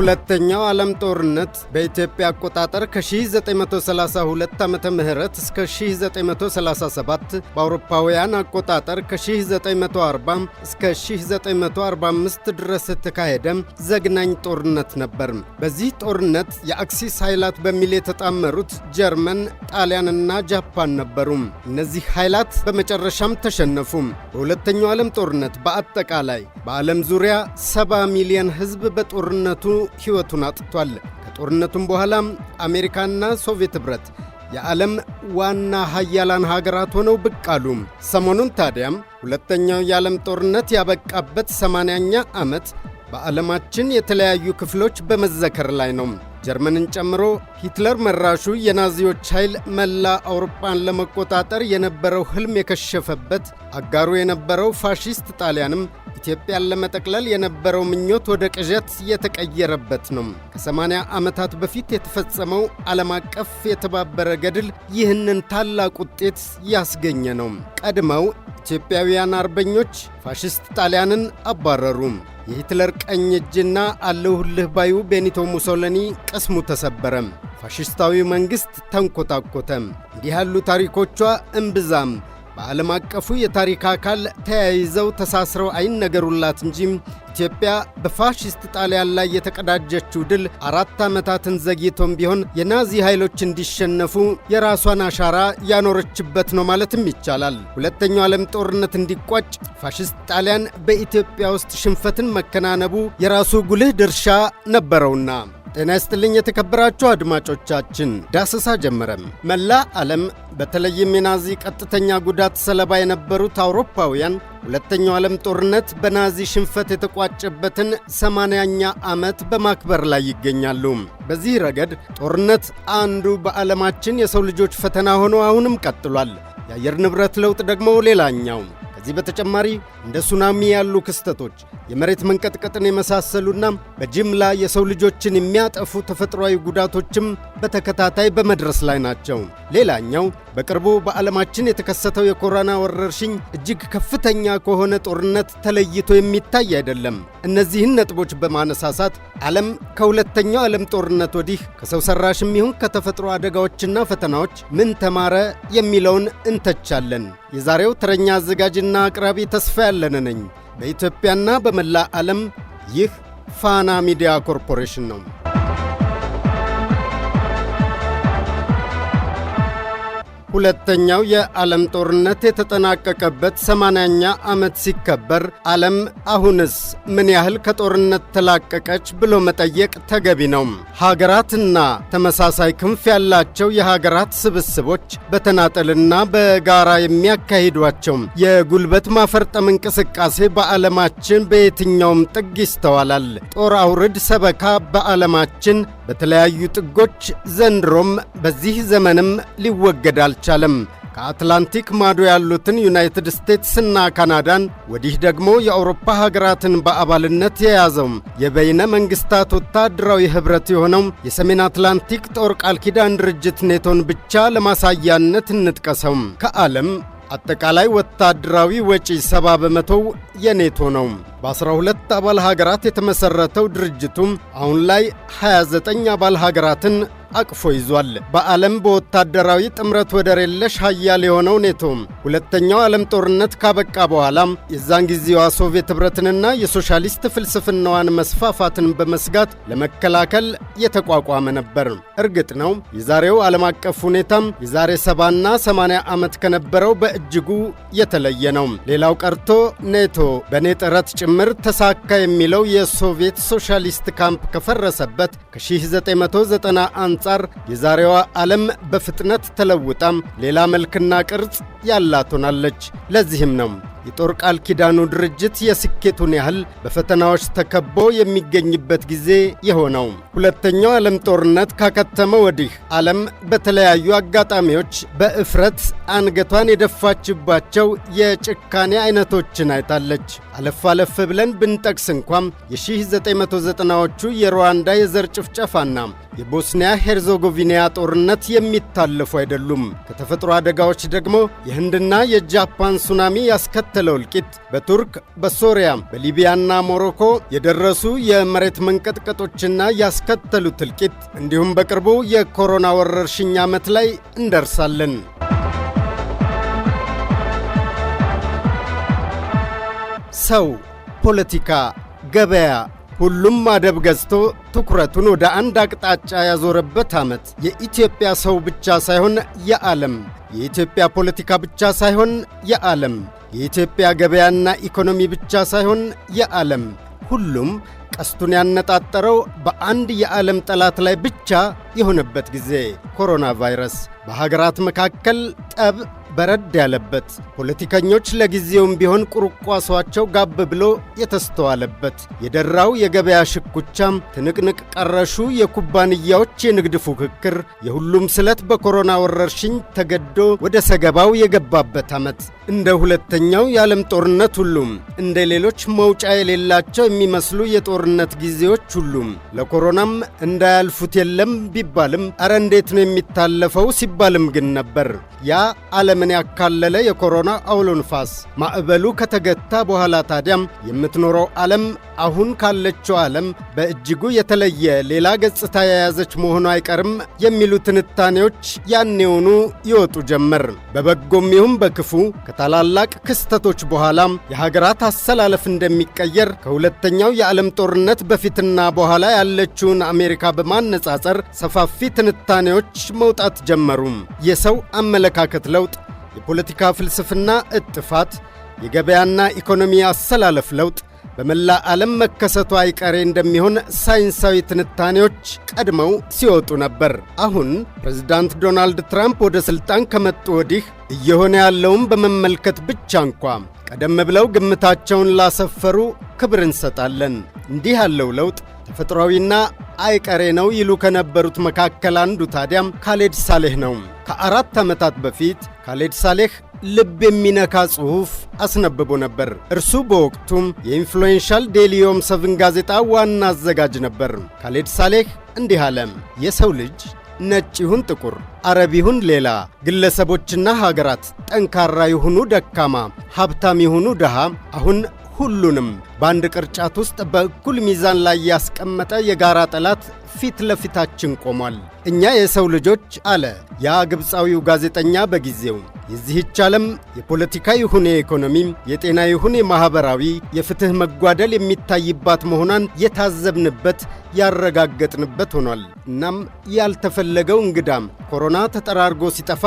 ሁለተኛው ዓለም ጦርነት በኢትዮጵያ አቆጣጠር ከ1932 ዓመተ ምህረት እስከ 1937 በአውሮፓውያን አቆጣጠር ከ1940 እስከ 1945 ድረስ የተካሄደ ዘግናኝ ጦርነት ነበር። በዚህ ጦርነት የአክሲስ ኃይላት በሚል የተጣመሩት ጀርመን፣ ጣሊያንና ጃፓን ነበሩ። እነዚህ ኃይላት በመጨረሻም ተሸነፉ። በሁለተኛው ዓለም ጦርነት በአጠቃላይ በዓለም ዙሪያ 70 ሚሊዮን ሕዝብ በጦርነቱ ሕይወቱን አጥቷል። ከጦርነቱም በኋላም አሜሪካና ሶቪየት ኅብረት የዓለም ዋና ሀያላን ሀገራት ሆነው ብቅ አሉ። ሰሞኑን ታዲያም ሁለተኛው የዓለም ጦርነት ያበቃበት ሰማንያኛ ዓመት በዓለማችን የተለያዩ ክፍሎች በመዘከር ላይ ነው። ጀርመንን ጨምሮ ሂትለር መራሹ የናዚዎች ኃይል መላ አውሮፓን ለመቆጣጠር የነበረው ህልም የከሸፈበት፣ አጋሩ የነበረው ፋሺስት ጣሊያንም ኢትዮጵያን ለመጠቅለል የነበረው ምኞት ወደ ቅዠት የተቀየረበት ነው። ከ80 ዓመታት በፊት የተፈጸመው ዓለም አቀፍ የተባበረ ገድል ይህንን ታላቅ ውጤት ያስገኘ ነው። ቀድመው ኢትዮጵያውያን አርበኞች ፋሽስት ጣሊያንን አባረሩ። የሂትለር ቀኝ እጅና አለሁልህ ባዩ ቤኒቶ ሙሶሊኒ ቅስሙ ተሰበረም፣ ፋሽስታዊ መንግሥት ተንኰታኰተም። እንዲህ ያሉ ታሪኮቿ እምብዛም በዓለም አቀፉ የታሪክ አካል ተያይዘው ተሳስረው አይነገሩላት እንጂም ኢትዮጵያ በፋሽስት ጣሊያን ላይ የተቀዳጀችው ድል አራት ዓመታትን ዘግይቶም ቢሆን የናዚ ኃይሎች እንዲሸነፉ የራሷን አሻራ ያኖረችበት ነው ማለትም ይቻላል። ሁለተኛው ዓለም ጦርነት እንዲቋጭ ፋሽስት ጣሊያን በኢትዮጵያ ውስጥ ሽንፈትን መከናነቡ የራሱ ጉልህ ድርሻ ነበረውና ጤና ይስጥልኝ የተከበራችሁ አድማጮቻችን፣ ዳሰሳ ጀመረም። መላ ዓለም በተለይም የናዚ ቀጥተኛ ጉዳት ሰለባ የነበሩት አውሮፓውያን ሁለተኛው ዓለም ጦርነት በናዚ ሽንፈት የተቋጨበትን ሰማንያኛ ዓመት በማክበር ላይ ይገኛሉ። በዚህ ረገድ ጦርነት አንዱ በዓለማችን የሰው ልጆች ፈተና ሆኖ አሁንም ቀጥሏል። የአየር ንብረት ለውጥ ደግሞ ሌላኛው ከዚህ በተጨማሪ እንደ ሱናሚ ያሉ ክስተቶች የመሬት መንቀጥቀጥን የመሳሰሉና በጅምላ የሰው ልጆችን የሚያጠፉ ተፈጥሯዊ ጉዳቶችም በተከታታይ በመድረስ ላይ ናቸው። ሌላኛው በቅርቡ በዓለማችን የተከሰተው የኮሮና ወረርሽኝ እጅግ ከፍተኛ ከሆነ ጦርነት ተለይቶ የሚታይ አይደለም። እነዚህን ነጥቦች በማነሳሳት ዓለም ከሁለተኛው ዓለም ጦርነት ወዲህ ከሰው ሠራሽም ይሁን ከተፈጥሮ አደጋዎችና ፈተናዎች ምን ተማረ የሚለውን እንተቻለን። የዛሬው ተረኛ አዘጋጅና አቅራቢ ተስፋ ያለነ ነኝ። በኢትዮጵያና በመላ ዓለም ይህ ፋና ሚዲያ ኮርፖሬሽን ነው። ሁለተኛው የዓለም ጦርነት የተጠናቀቀበት ሰማንያኛ ዓመት ሲከበር ዓለም አሁንስ ምን ያህል ከጦርነት ተላቀቀች ብሎ መጠየቅ ተገቢ ነው። ሀገራትና ተመሳሳይ ክንፍ ያላቸው የሀገራት ስብስቦች በተናጠልና በጋራ የሚያካሂዷቸው የጉልበት ማፈርጠም እንቅስቃሴ በዓለማችን በየትኛውም ጥግ ይስተዋላል። ጦር አውርድ ሰበካ በዓለማችን በተለያዩ ጥጎች ዘንድሮም በዚህ ዘመንም ሊወገዳል አልቻለም። ከአትላንቲክ ማዶ ያሉትን ዩናይትድ ስቴትስና ካናዳን ወዲህ ደግሞ የአውሮፓ ሀገራትን በአባልነት የያዘው የበይነ መንግስታት ወታደራዊ ኅብረት የሆነው የሰሜን አትላንቲክ ጦር ቃል ኪዳን ድርጅት ኔቶን ብቻ ለማሳያነት እንጥቀሰው። ከዓለም አጠቃላይ ወታደራዊ ወጪ ሰባ በመቶው የኔቶ ነው። በ12 አባል ሀገራት የተመሠረተው ድርጅቱም አሁን ላይ 29 አባል ሀገራትን አቅፎ ይዟል። በዓለም በወታደራዊ ጥምረት ወደር የለሽ ሀያል የሆነው ኔቶ ሁለተኛው ዓለም ጦርነት ካበቃ በኋላም የዛን ጊዜዋ ሶቪየት ኅብረትንና የሶሻሊስት ፍልስፍናዋን መስፋፋትን በመስጋት ለመከላከል የተቋቋመ ነበር። እርግጥ ነው የዛሬው ዓለም አቀፍ ሁኔታም የዛሬ ሰባና ሰማንያ ዓመት ከነበረው በእጅጉ የተለየ ነው። ሌላው ቀርቶ ኔቶ በእኔ ጥረት ጭምር ተሳካ የሚለው የሶቪየት ሶሻሊስት ካምፕ ከፈረሰበት ከ1991 አንጻር የዛሬዋ ዓለም በፍጥነት ተለውጣም ሌላ መልክና ቅርጽ ያላት ሆናለች። ለዚህም ነው የጦር ቃል ኪዳኑ ድርጅት የስኬቱን ያህል በፈተናዎች ተከቦ የሚገኝበት ጊዜ የሆነው ሁለተኛው ዓለም ጦርነት ካከተመ ወዲህ ዓለም በተለያዩ አጋጣሚዎች በእፍረት አንገቷን የደፋችባቸው የጭካኔ አይነቶችን አይታለች። አለፍ አለፍ ብለን ብንጠቅስ እንኳም የ1990ዎቹ የሩዋንዳ የዘር ጭፍጨፋና የቦስኒያ ሄርዞጎቪና ጦርነት የሚታለፉ አይደሉም። ከተፈጥሮ አደጋዎች ደግሞ የህንድና የጃፓን ሱናሚ ያስከ ባስከተለው እልቂት በቱርክ፣ በሶሪያ፣ በሊቢያና ሞሮኮ የደረሱ የመሬት መንቀጥቀጦችና ያስከተሉት እልቂት እንዲሁም በቅርቡ የኮሮና ወረርሽኝ ዓመት ላይ እንደርሳለን። ሰው፣ ፖለቲካ፣ ገበያ ሁሉም አደብ ገዝቶ ትኩረቱን ወደ አንድ አቅጣጫ ያዞረበት ዓመት የኢትዮጵያ ሰው ብቻ ሳይሆን የዓለም የኢትዮጵያ ፖለቲካ ብቻ ሳይሆን የዓለም የኢትዮጵያ ገበያና ኢኮኖሚ ብቻ ሳይሆን የዓለም ሁሉም ቀስቱን ያነጣጠረው በአንድ የዓለም ጠላት ላይ ብቻ የሆነበት ጊዜ ኮሮና ቫይረስ በሀገራት መካከል ጠብ በረድ ያለበት፣ ፖለቲከኞች ለጊዜውም ቢሆን ቁርቋሷቸው ጋብ ብሎ የተስተዋለበት፣ የደራው የገበያ ሽኩቻም፣ ትንቅንቅ ቀረሹ የኩባንያዎች የንግድ ፉክክር፣ የሁሉም ስለት በኮሮና ወረርሽኝ ተገዶ ወደ ሰገባው የገባበት ዓመት እንደ ሁለተኛው የዓለም ጦርነት ሁሉም እንደ ሌሎች መውጫ የሌላቸው የሚመስሉ የጦርነት ጊዜዎች ሁሉም ለኮሮናም እንዳያልፉት የለም ቢባልም አረ እንዴት ነው የሚታለፈው ሲባልም ግን ነበር። ያ ዓለምን ያካለለ የኮሮና አውሎ ንፋስ ማዕበሉ ከተገታ በኋላ ታዲያም የምትኖረው ዓለም አሁን ካለችው ዓለም በእጅጉ የተለየ ሌላ ገጽታ የያዘች መሆኑ አይቀርም የሚሉ ትንታኔዎች ያኔውኑ ይወጡ ጀመር። በበጎም ይሁን በክፉ ታላላቅ ክስተቶች በኋላም የሀገራት አሰላለፍ እንደሚቀየር ከሁለተኛው የዓለም ጦርነት በፊትና በኋላ ያለችውን አሜሪካ በማነጻጸር ሰፋፊ ትንታኔዎች መውጣት ጀመሩም። የሰው አመለካከት ለውጥ፣ የፖለቲካ ፍልስፍና እጥፋት፣ የገበያና ኢኮኖሚ አሰላለፍ ለውጥ በመላ ዓለም መከሰቱ አይቀሬ እንደሚሆን ሳይንሳዊ ትንታኔዎች ቀድመው ሲወጡ ነበር። አሁን ፕሬዝዳንት ዶናልድ ትራምፕ ወደ ሥልጣን ከመጡ ወዲህ እየሆነ ያለውም በመመልከት ብቻ እንኳ ቀደም ብለው ግምታቸውን ላሰፈሩ ክብር እንሰጣለን። እንዲህ ያለው ለውጥ ተፈጥሯዊና አይቀሬ ነው ይሉ ከነበሩት መካከል አንዱ ታዲያም ካሌድ ሳሌህ ነው። ከአራት ዓመታት በፊት ካሌድ ሳሌህ ልብ የሚነካ ጽሑፍ አስነብቦ ነበር። እርሱ በወቅቱም የኢንፍሉዌንሻል ዴሊዮም ሰቭን ጋዜጣ ዋና አዘጋጅ ነበር። ካሌድ ሳሌህ እንዲህ አለ። የሰው ልጅ ነጭ ይሁን ጥቁር፣ አረብ ይሁን ሌላ፣ ግለሰቦችና ሀገራት ጠንካራ ይሁኑ ደካማ፣ ሀብታም ይሁኑ ድሃ፣ አሁን ሁሉንም በአንድ ቅርጫት ውስጥ በእኩል ሚዛን ላይ ያስቀመጠ የጋራ ጠላት ፊት ለፊታችን ቆሟል። እኛ የሰው ልጆች አለ ያ ግብፃዊው ጋዜጠኛ በጊዜው የዚህች ዓለም የፖለቲካ ይሁን የኢኮኖሚ የጤና ይሁን የማኅበራዊ የፍትሕ መጓደል የሚታይባት መሆኗን የታዘብንበት ያረጋገጥንበት ሆኗል። እናም ያልተፈለገው እንግዳም ኮሮና ተጠራርጎ ሲጠፋ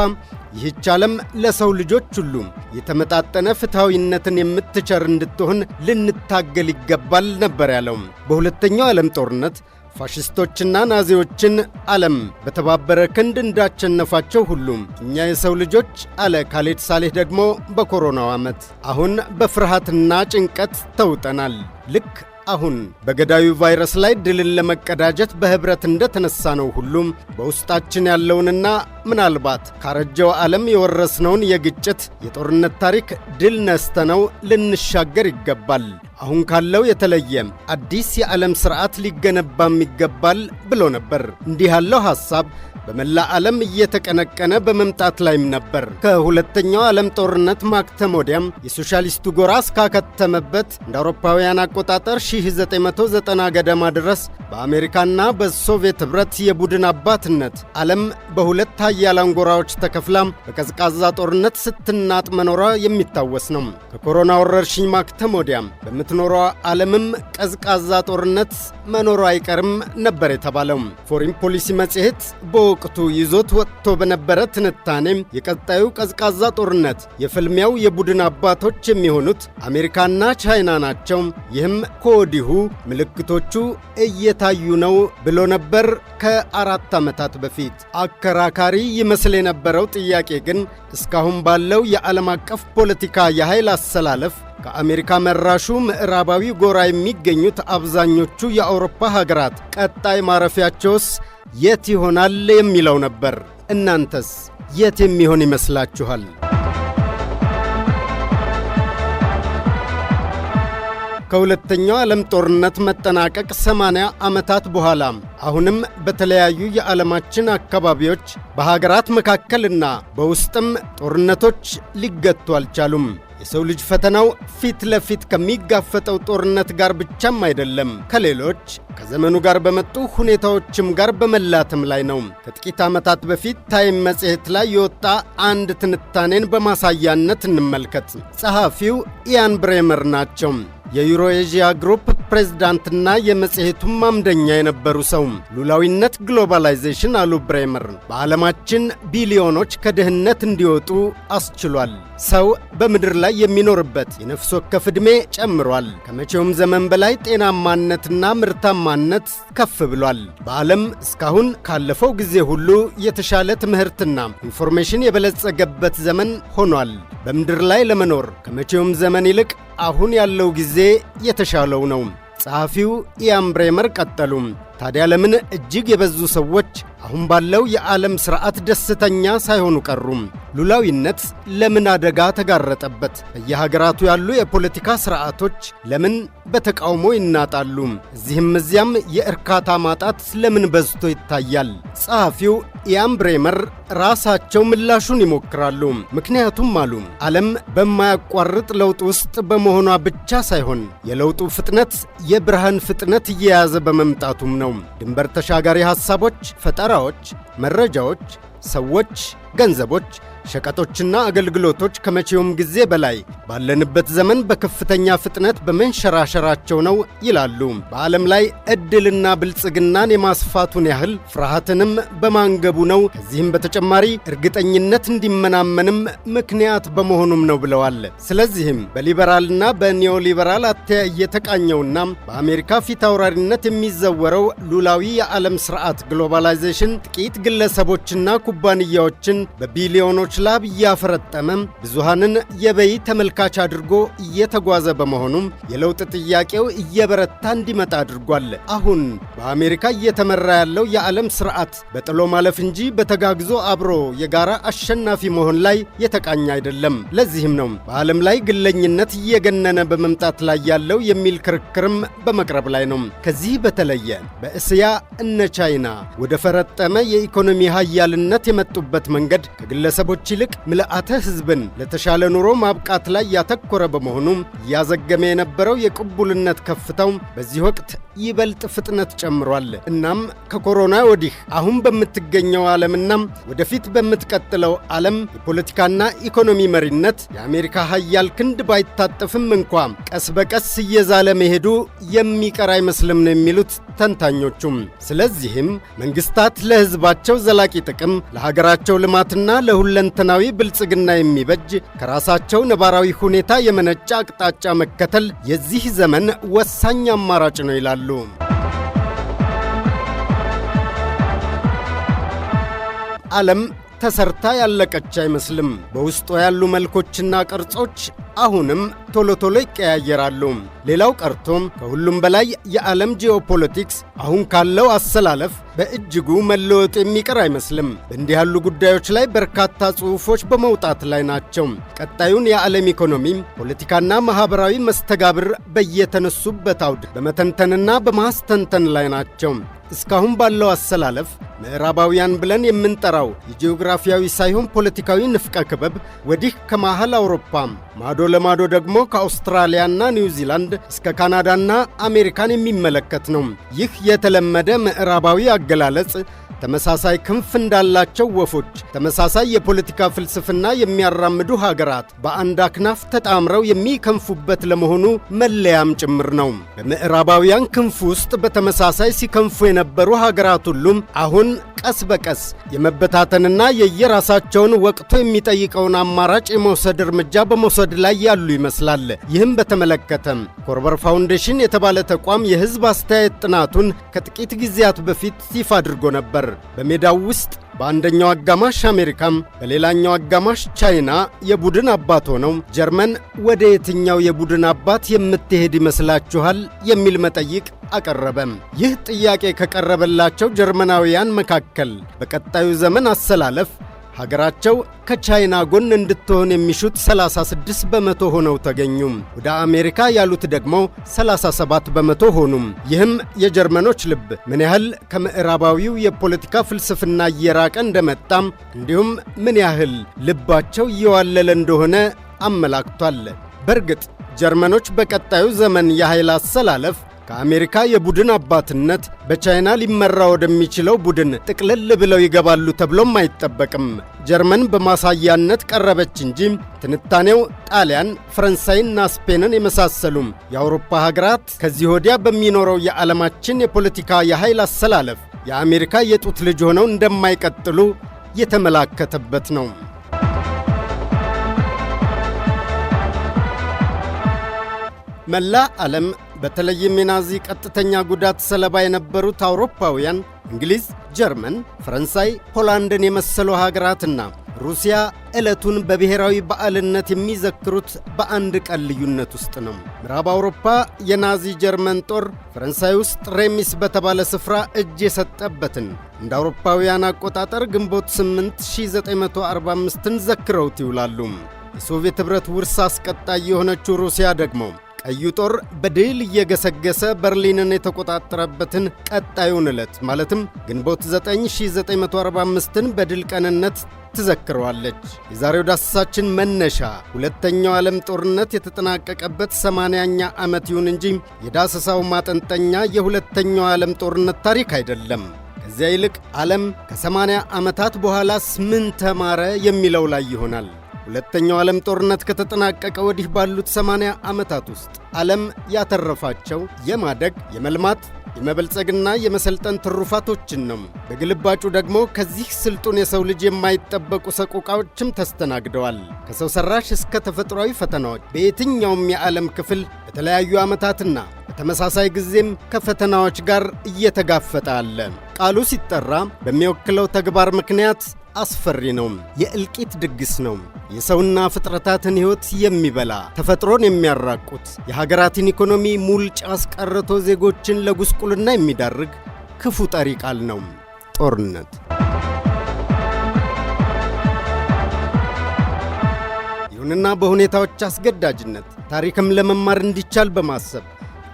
ይህች ዓለም ለሰው ልጆች ሁሉ የተመጣጠነ ፍትሐዊነትን የምትቸር እንድትሆን ልንታገል ይገባል ነበር ያለው። በሁለተኛው ዓለም ጦርነት ፋሽስቶችና ናዚዎችን ዓለም በተባበረ ክንድ እንዳቸነፋቸው ሁሉም እኛ የሰው ልጆች አለ ካሌድ ሳሌህ ደግሞ በኮሮናው ዓመት አሁን በፍርሃትና ጭንቀት ተውጠናል። ልክ አሁን በገዳዩ ቫይረስ ላይ ድልን ለመቀዳጀት በኅብረት እንደተነሳ ነው ሁሉም በውስጣችን ያለውንና ምናልባት ካረጀው ዓለም የወረስነውን የግጭት የጦርነት ታሪክ ድል ነስተነው ልንሻገር ይገባል። አሁን ካለው የተለየ አዲስ የዓለም ሥርዓት ሊገነባም ይገባል ብሎ ነበር። እንዲህ ያለው ሐሳብ በመላ ዓለም እየተቀነቀነ በመምጣት ላይም ነበር። ከሁለተኛው ዓለም ጦርነት ማክተም ወዲያም የሶሻሊስቱ ጎራ እስካከተመበት እንደ አውሮፓውያን አቆጣጠር 1990 ገደማ ድረስ በአሜሪካና በሶቪየት ኅብረት የቡድን አባትነት ዓለም በሁለት ኃያላን ጎራዎች ተከፍላም በቀዝቃዛ ጦርነት ስትናጥ መኖሯ የሚታወስ ነው። ከኮሮና ወረርሽኝ ማክተም ወዲያም በምት ኖሮ ዓለምም ቀዝቃዛ ጦርነት መኖሩ አይቀርም ነበር የተባለው። ፎሪን ፖሊሲ መጽሔት በወቅቱ ይዞት ወጥቶ በነበረ ትንታኔም የቀጣዩ ቀዝቃዛ ጦርነት የፍልሚያው የቡድን አባቶች የሚሆኑት አሜሪካና ቻይና ናቸው፣ ይህም ከወዲሁ ምልክቶቹ እየታዩ ነው ብሎ ነበር ከአራት ዓመታት በፊት። አከራካሪ ይመስል የነበረው ጥያቄ ግን እስካሁን ባለው የዓለም አቀፍ ፖለቲካ የኃይል አሰላለፍ ከአሜሪካ መራሹ ምዕራባዊ ጎራ የሚገኙት አብዛኞቹ የአውሮፓ ሀገራት ቀጣይ ማረፊያቸውስ የት ይሆናል የሚለው ነበር። እናንተስ የት የሚሆን ይመስላችኋል? ከሁለተኛው ዓለም ጦርነት መጠናቀቅ 80 ዓመታት በኋላ አሁንም በተለያዩ የዓለማችን አካባቢዎች በሀገራት መካከልና በውስጥም ጦርነቶች ሊገቱ አልቻሉም። የሰው ልጅ ፈተናው ፊት ለፊት ከሚጋፈጠው ጦርነት ጋር ብቻም አይደለም፣ ከሌሎች ከዘመኑ ጋር በመጡ ሁኔታዎችም ጋር በመላተም ላይ ነው። ከጥቂት ዓመታት በፊት ታይም መጽሔት ላይ የወጣ አንድ ትንታኔን በማሳያነት እንመልከት። ጸሐፊው ኢያን ብሬመር ናቸው። የዩሮኤዥያ ግሩፕ ፕሬዝዳንትና የመጽሔቱም አምደኛ የነበሩ ሰው ሉላዊነት ግሎባላይዜሽን አሉ ብሬመር በዓለማችን ቢሊዮኖች ከድህነት እንዲወጡ አስችሏል። ሰው በምድር ላይ የሚኖርበት የነፍስ ወከፍ ዕድሜ ጨምሯል። ከመቼውም ዘመን በላይ ጤናማነትና ምርታማነት ከፍ ብሏል። በዓለም እስካሁን ካለፈው ጊዜ ሁሉ የተሻለ ትምህርትና ኢንፎርሜሽን የበለጸገበት ዘመን ሆኗል። በምድር ላይ ለመኖር ከመቼውም ዘመን ይልቅ አሁን ያለው ጊዜ የተሻለው ነው። ጸሐፊው ኢያምብሬመር ቀጠሉም ታዲያ ለምን እጅግ የበዙ ሰዎች አሁን ባለው የዓለም ሥርዓት ደስተኛ ሳይሆኑ ቀሩም። ሉላዊነት ለምን አደጋ ተጋረጠበት? በየሀገራቱ ያሉ የፖለቲካ ሥርዓቶች ለምን በተቃውሞ ይናጣሉ? እዚህም እዚያም የእርካታ ማጣት ለምን በዝቶ ይታያል? ጸሐፊው ኢያን ብሬመር ራሳቸው ምላሹን ይሞክራሉ። ምክንያቱም አሉ ዓለም በማያቋርጥ ለውጥ ውስጥ በመሆኗ ብቻ ሳይሆን የለውጡ ፍጥነት የብርሃን ፍጥነት እየያዘ በመምጣቱም ነው። ድንበር ተሻጋሪ ሐሳቦች ፈጠራ ስራዎች፣ መረጃዎች፣ ሰዎች፣ ገንዘቦች ሸቀጦችና አገልግሎቶች ከመቼውም ጊዜ በላይ ባለንበት ዘመን በከፍተኛ ፍጥነት በመንሸራሸራቸው ነው ይላሉ። በዓለም ላይ ዕድልና ብልጽግናን የማስፋቱን ያህል ፍርሃትንም በማንገቡ ነው። ከዚህም በተጨማሪ እርግጠኝነት እንዲመናመንም ምክንያት በመሆኑም ነው ብለዋል። ስለዚህም በሊበራልና በኒዮሊበራል አተያይ የተቃኘውና በአሜሪካ ፊት አውራሪነት የሚዘወረው ሉላዊ የዓለም ስርዓት ግሎባላይዜሽን ጥቂት ግለሰቦችና ኩባንያዎችን በቢሊዮኖች ሰዎች ላብ እያፈረጠመም ብዙሃንን የበይ ተመልካች አድርጎ እየተጓዘ በመሆኑም የለውጥ ጥያቄው እየበረታ እንዲመጣ አድርጓል። አሁን በአሜሪካ እየተመራ ያለው የዓለም ስርዓት በጥሎ ማለፍ እንጂ በተጋግዞ አብሮ የጋራ አሸናፊ መሆን ላይ የተቃኘ አይደለም። ለዚህም ነው በዓለም ላይ ግለኝነት እየገነነ በመምጣት ላይ ያለው የሚል ክርክርም በመቅረብ ላይ ነው። ከዚህ በተለየ በእስያ እነ ቻይና ወደ ፈረጠመ የኢኮኖሚ ሀያልነት የመጡበት መንገድ ከግለሰቦች ከመድረኮች ይልቅ ምልአተ ሕዝብን ለተሻለ ኑሮ ማብቃት ላይ ያተኮረ በመሆኑም እያዘገመ የነበረው የቅቡልነት ከፍታው በዚህ ወቅት ይበልጥ ፍጥነት ጨምሯል። እናም ከኮሮና ወዲህ አሁን በምትገኘው ዓለምና ወደፊት በምትቀጥለው ዓለም የፖለቲካና ኢኮኖሚ መሪነት የአሜሪካ ሀያል ክንድ ባይታጠፍም እንኳ ቀስ በቀስ እየዛለ መሄዱ የሚቀር አይመስልም ነው የሚሉት ተንታኞቹም። ስለዚህም መንግስታት ለሕዝባቸው ዘላቂ ጥቅም ለሀገራቸው ልማትና ለሁለን ለሁለንተናዊ ብልጽግና የሚበጅ ከራሳቸው ነባራዊ ሁኔታ የመነጨ አቅጣጫ መከተል የዚህ ዘመን ወሳኝ አማራጭ ነው ይላሉ። ዓለም ተሰርታ ያለቀች አይመስልም። በውስጡ ያሉ መልኮችና ቅርጾች አሁንም ቶሎ ቶሎ ይቀያየራሉ። ሌላው ቀርቶም ከሁሉም በላይ የዓለም ጂኦፖለቲክስ አሁን ካለው አሰላለፍ በእጅጉ መለወጥ የሚቀር አይመስልም። በእንዲህ ያሉ ጉዳዮች ላይ በርካታ ጽሑፎች በመውጣት ላይ ናቸው። ቀጣዩን የዓለም ኢኮኖሚ ፖለቲካና ማኅበራዊ መስተጋብር በየተነሱበት አውድ በመተንተንና በማስተንተን ላይ ናቸው። እስካሁን ባለው አሰላለፍ ምዕራባውያን ብለን የምንጠራው የጂኦግራፊያዊ ሳይሆን ፖለቲካዊ ንፍቀ ክበብ ወዲህ ከመሃል አውሮፓ ማዶ ለማዶ ደግሞ ከአውስትራሊያና ኒውዚላንድ እስከ ካናዳና አሜሪካን የሚመለከት ነው። ይህ የተለመደ ምዕራባዊ አገላለጽ ተመሳሳይ ክንፍ እንዳላቸው ወፎች ተመሳሳይ የፖለቲካ ፍልስፍና የሚያራምዱ ሀገራት በአንድ አክናፍ ተጣምረው የሚከንፉበት ለመሆኑ መለያም ጭምር ነው። በምዕራባውያን ክንፍ ውስጥ በተመሳሳይ ሲከንፉ የነበሩ ሀገራት ሁሉም አሁን ቀስ በቀስ የመበታተንና የየራሳቸውን ወቅቱ የሚጠይቀውን አማራጭ የመውሰድ እርምጃ በመውሰድ ላይ ላይ ያሉ ይመስላል። ይህም በተመለከተም ኮርበር ፋውንዴሽን የተባለ ተቋም የህዝብ አስተያየት ጥናቱን ከጥቂት ጊዜያት በፊት ይፋ አድርጎ ነበር። በሜዳው ውስጥ በአንደኛው አጋማሽ አሜሪካም በሌላኛው አጋማሽ ቻይና የቡድን አባት ሆነው ጀርመን ወደ የትኛው የቡድን አባት የምትሄድ ይመስላችኋል የሚል መጠይቅ አቀረበም። ይህ ጥያቄ ከቀረበላቸው ጀርመናውያን መካከል በቀጣዩ ዘመን አሰላለፍ ሀገራቸው ከቻይና ጎን እንድትሆን የሚሹት 36 በመቶ ሆነው ተገኙም። ወደ አሜሪካ ያሉት ደግሞ 37 በመቶ ሆኑም። ይህም የጀርመኖች ልብ ምን ያህል ከምዕራባዊው የፖለቲካ ፍልስፍና እየራቀ እንደመጣም እንዲሁም ምን ያህል ልባቸው እየዋለለ እንደሆነ አመላክቷል። በእርግጥ ጀርመኖች በቀጣዩ ዘመን የኃይል አሰላለፍ ከአሜሪካ የቡድን አባትነት በቻይና ሊመራ ወደሚችለው ቡድን ጥቅልል ብለው ይገባሉ ተብሎም አይጠበቅም። ጀርመን በማሳያነት ቀረበች እንጂ ትንታኔው ጣሊያን፣ ፈረንሳይና ስፔንን የመሳሰሉም የአውሮፓ ሀገራት ከዚህ ወዲያ በሚኖረው የዓለማችን የፖለቲካ የኃይል አሰላለፍ የአሜሪካ የጡት ልጅ ሆነው እንደማይቀጥሉ የተመላከተበት ነው። መላ ዓለም በተለይም የናዚ ቀጥተኛ ጉዳት ሰለባ የነበሩት አውሮፓውያን እንግሊዝ፣ ጀርመን፣ ፈረንሳይ፣ ፖላንድን የመሰሉ ሀገራትና ሩሲያ ዕለቱን በብሔራዊ በዓልነት የሚዘክሩት በአንድ ቀን ልዩነት ውስጥ ነው። ምዕራብ አውሮፓ የናዚ ጀርመን ጦር ፈረንሳይ ውስጥ ሬሚስ በተባለ ስፍራ እጅ የሰጠበትን እንደ አውሮፓውያን አቆጣጠር ግንቦት 8 1945ን ዘክረውት ይውላሉ። የሶቪየት ኅብረት ውርስ አስቀጣይ የሆነችው ሩሲያ ደግሞ ቀዩ ጦር በድል እየገሰገሰ በርሊንን የተቆጣጠረበትን ቀጣዩን ዕለት ማለትም ግንቦት 9945ን በድል ቀንነት ትዘክረዋለች። የዛሬው ዳሰሳችን መነሻ ሁለተኛው ዓለም ጦርነት የተጠናቀቀበት 80ኛ ዓመት ይሁን እንጂ የዳሰሳው ማጠንጠኛ የሁለተኛው ዓለም ጦርነት ታሪክ አይደለም። ከዚያ ይልቅ ዓለም ከ80 ዓመታት በኋላስ ምን ተማረ የሚለው ላይ ይሆናል። ሁለተኛው ዓለም ጦርነት ከተጠናቀቀ ወዲህ ባሉት ሰማንያ ዓመታት ውስጥ ዓለም ያተረፋቸው የማደግ የመልማት የመበልጸግና የመሰልጠን ትሩፋቶችን ነው። በግልባጩ ደግሞ ከዚህ ስልጡን የሰው ልጅ የማይጠበቁ ሰቆቃዎችም ተስተናግደዋል። ከሰው ሰራሽ እስከ ተፈጥሯዊ ፈተናዎች በየትኛውም የዓለም ክፍል በተለያዩ ዓመታትና በተመሳሳይ ጊዜም ከፈተናዎች ጋር እየተጋፈጠ አለ። ቃሉ ሲጠራ በሚወክለው ተግባር ምክንያት አስፈሪ ነው። የእልቂት ድግስ ነው። የሰውና ፍጥረታትን ሕይወት የሚበላ ተፈጥሮን የሚያራቁት የሀገራትን ኢኮኖሚ ሙልጭ አስቀርቶ ዜጎችን ለጉስቁልና የሚዳርግ ክፉ ጠሪ ቃል ነው ጦርነት። ይሁንና በሁኔታዎች አስገዳጅነት ታሪክም ለመማር እንዲቻል በማሰብ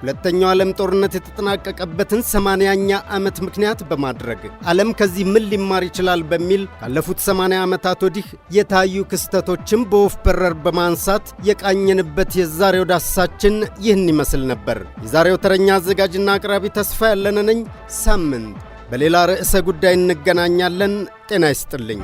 ሁለተኛው ዓለም ጦርነት የተጠናቀቀበትን 80ኛ ዓመት ምክንያት በማድረግ ዓለም ከዚህ ምን ሊማር ይችላል በሚል ካለፉት ሰማንያ ዓመታት ወዲህ የታዩ ክስተቶችን በወፍ በረር በማንሳት የቃኘንበት የዛሬው ዳሰሳችን ይህን ይመስል ነበር። የዛሬው ተረኛ አዘጋጅና አቅራቢ ተስፋ ያለነ ነኝ። ሳምንት በሌላ ርዕሰ ጉዳይ እንገናኛለን። ጤና ይስጥልኝ።